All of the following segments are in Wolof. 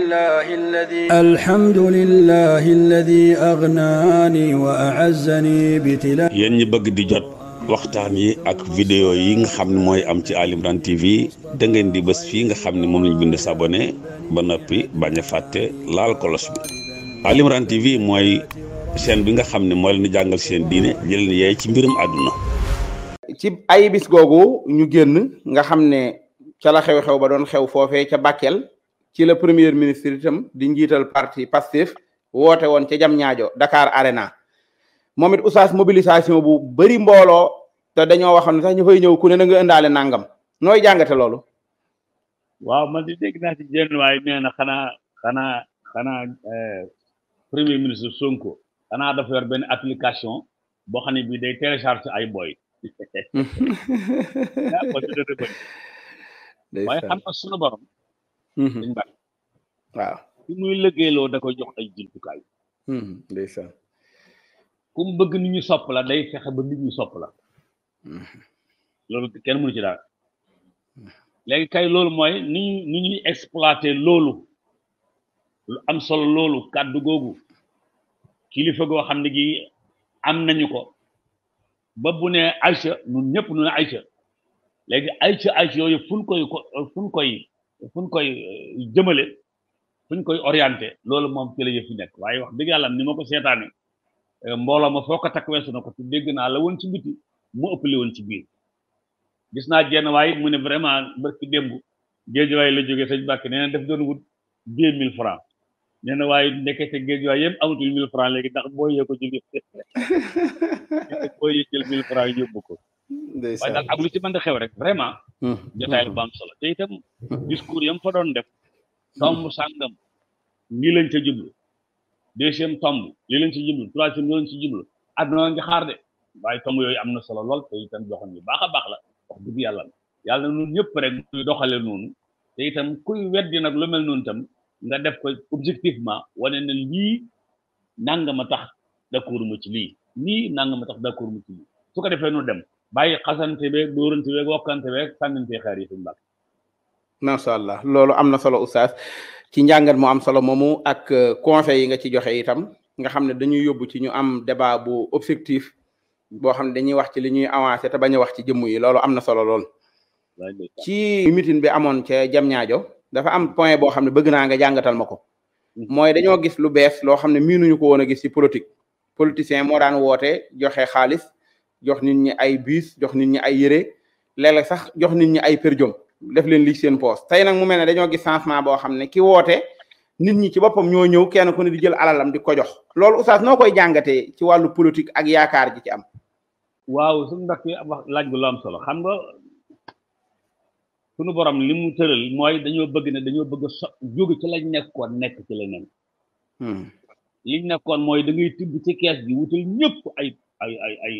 الحمد لله الذي bëgg di jot waxtaan yi ak vidéo yi nga xam ne mooy am ci Ali Imran TV di bés fii nga xam ne moom lañ bind s'abonner ba noppi bañ a fàtte laal kolos bi mooy chaîne bi nga xam ne mooy leen jàngal seen diine jël leen ci mbirum àdduna ci ay bis googu ñu génn nga xam ne ca xew-xew ba doon xew foofee ca Bakel ci la premier ministre itam di njiital parti Pastef woote woon ca jam ñaajo Dakar Arena moom it oustaz mobilisation bu bëri mbooloo te dañoo waxoon ne sax ñu fay ñëw ku ne na nga indaale nangam nooy jàngate loolu waaw man di dégg naa ci jenn waay nee na xanaa xanaa xanaa eh, premier ministre Sonko xanaa dafa yor benn application boo xam ne bii télécharge ay boy waaye xam nga sunu dañ mm-hmm. bàyyi waaw su muy da ko jox ay jumtukaay mm-hmm. ndeysaan ku bëgg nit ñu sopp la day fexe ba nit ñu sopp la mm-hmm. loolu kenn mënu ci daal léegi kay loolu mooy ni ñu ni ñuy exploiter loolu lu am solo loolu kàddu googu kilifa goo xam ne gi am nañu ko ba bu ne Aïcha ñun ñëpp nu ne Aïcha léegi Aïcha Aïcha yooyu fu koy ko fu koy fuñ koy euh, jëmale fuñ koy orienté loolu moom ci yëpp yëf nekk waaye wax dëgg yàlla ni ma ko seetaane euh, mbooloo ma foo ko takk weesu na ko te dégg naa la woon ci biti mu ëpp li woon ci biir gis naa jenn waaye mu ne vraiment barki démb géejuwaay la jóge sëñ Bàkke nee def doon wut deux mille francs nee na waaye ndekete géejuwaay yëpp amatul mille francs léegi ndax boo yee ko jël boo yee jël mille francs yóbbu ko waaye daal ak lu ci mën a xew rek vraiment Mm-hmm. jotaay bu am mm-hmm. solo te itam discours yam fa doon def tomb mm-hmm. sàngam lii lañ ca jublu deuxième tomb lii lañ ci jublu troisième lii lañ ci jublu àdduna ngi xaar de waaye tomb yooyu am na solo lool te itam joxoon yu baax a baax la yàlla yàlla na ñun ñëpp rek muy doxale noonu te itam kuy weddi nag lu mel noonu tam nga def ko objectivement wane na lii nanga ma tax d'accord ma ci lii lii nanga ma tax da ma ci lii su ko defee nu dem bàyyi xasante beeg dóorante beeg wokkante beeg sànnante xeer yi suñu bàq macha allah loolu am na solo oustaz ci njàngat mu am solo moomu ak euh, conseil yi nga ci joxe itam nga xam ne dañuy yóbbu ci ñu am débat bu objectif boo xam ne dañuy wax ci li ñuy avancé te bañ wax ci jëmm yi loolu am na solo lool ci mitin bi amoon ca jam ñaajo dafa am point boo xam ne bëgg naa nga jàngatal ma ko mhm. mooy dañoo gis lu bees loo xam ne miinuñu ko woon a gis ci politique politicien moo daan woote joxe xaalis jox nit ñi ay bis jox nit ñi ay yére léeg sax jox nit ñi ay përjom def leen li seen poos tey nag mu mel ne dañoo gis changement boo xam ne ki woote nit ñi ci boppam ñoo ñëw kenn ku ne di jël alalam di ko jox loolu oustaz noo koy jàngatee ci politique ak yaakaar ji ci am. waaw su ndax laaj bu la am xam nga suñu borom li mu tëral mooy dañoo bëgg ne dañoo bëgg a so jóge ci lañ nekkoon nekk ci leneen. Hmm. liñ nekkoon mooy da ngay ci kees bi wutal ñëpp ay ay ay ay.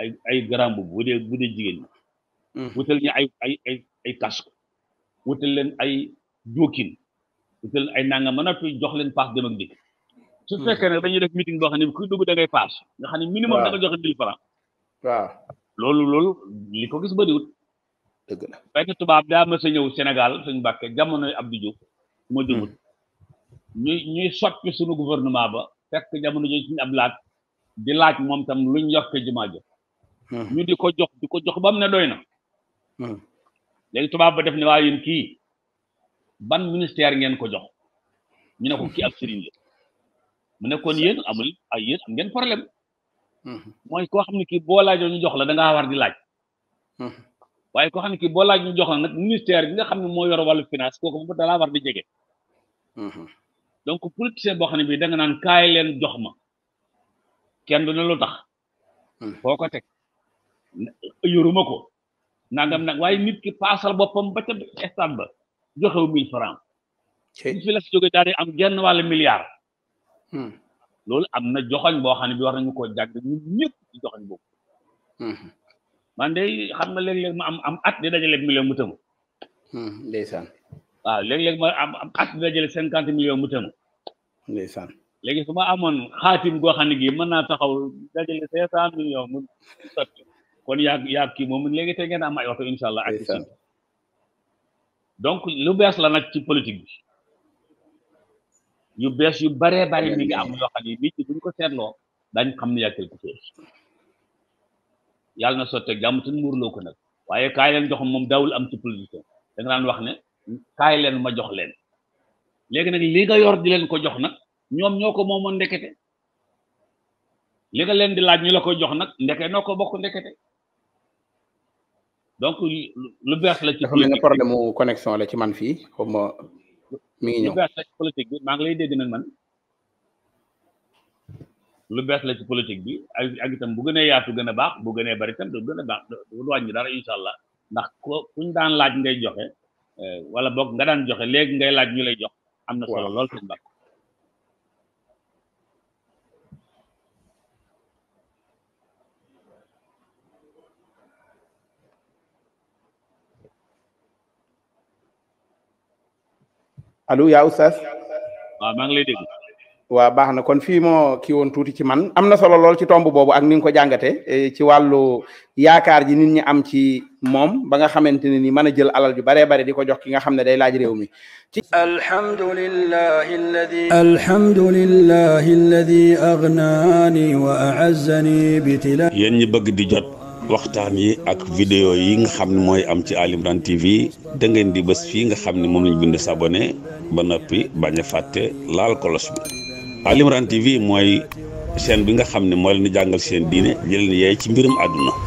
ay ay garam bu bu dee bu dee jigéen ñi. Hmm. wutal ñu ay ay ay ay casque wutal leen ay jóokin wutal leen ay nangam mën a tuy jox leen paas dem ak su hmm. fekkee nag dañuy def meeting boo xam ne ku dugg da ngay paas. xam ne minimum da nga joxe mille waa loolu loolu li ko gis bëriwut. dëgg la fekk tubaab daa ma sa ñëw Sénégal suñ Mbàkke jamonoy Abdou Diouf. moo hmm. jëmut ñuy ñuy soppi suñu gouvernement ba fekk jamono jooju suñu ab laaj di laaj moom tam luñ yokkee jumaa jo ñu di ko jox di ko jox ba mu ne doy na léegi tubaab ba def ne waa yéen kii ban ministère ngeen ko jox ñu ne ko kii ab sëriñ la mu ne kon yéen amul ay yéen am ngeen problème mooy koo xam ne kii boo laajoo ñu jox la da ngaa war di laaj waaye koo xam ne kii boo laaj ñu jox la nag ministère bi nga xam ne moo yor wàllu finance kooku moom dalaa war di jege donc politicien boo xam ne bii danga naan kaay leen jox ma kenn du ne lu tax foo ko teg yoruma ko nangam nag waaye nit ki paasal boppam ba ca stade ba joxew mille franc am genn wàll milliard hmm. loolu am na joxoñ boo xam ne bi war nañu koo jàgg ñun ñëpp joxañ joxoñ boobu hmm. man de xam na léeg-léeg ma am am at di dajale million mu tëmu hmm. ndeysaan waaw léeg-léeg am am at di dajale cinquante million léegi su ma amoon xaatim goo xam mën naa taxaw dajale cent million kon yaa yaa kii moom léegi tey ngeen am ay oto incha allah. donc lu bees la nag ci politique bi yu bees yu baree bari mi ngi am yoo xam ne bu ñu ko seetloo daañu xam ne yaa na sotteeg jàmm te muurloo ko nag waaye kaay jox moom daawul am ci politique da nga daan wax ne kaay leen ma jox leen léegi nag li nga yor di leen ko jox nag ñoom ñoo ko moomoon ndekete li nga leen di laaj ñu la koy jox nag ndeke noo ko bokk ndekete. donc lu bees la ci. dafa mel ne problème mu la ci man fii comme mi ngi ñëw. lu politique bi maa ngi lay dégg na man lu bees la ci politique bi ak ak itam bu gënee yaatu gën a baax bu gënee bari itam du gën a baax du bi dara incha allah ndax ko kuñ daan laaj ngay joxe euh, wala boog nga daan joxe léegi ngay laaj ñu lay jox. am na solo lool seen baax. allo yaa oustaz waaw maa ngi lay dégg waaw baax na kon fii moo kii woon tuuti ci man am na solo lool ci tomb boobu ak ni nga ko jàngatee e, ci wàllu yaakaar ji nit ñi am ci moom ba nga xamante ne ni mën a jël alal ju baree bare di ko jox ki nga xam ne day laaj réew mi ci alhamdulillahi alladi alhamdulillahi alladi aghnani wa a'azzani bi tila yéen ñi bëgg di jot waxtaan yi ak vidéo yi nga xam ne mooy am ci Ali Imran TV da di bés fii nga xam ne moom lañ bind sabone ba noppi bañ a fàtte laal kolos bi Ali TV mooy seen bi nga xam ne mooy leen di jàngal seen diine jëleen yee ci mbirum àdduna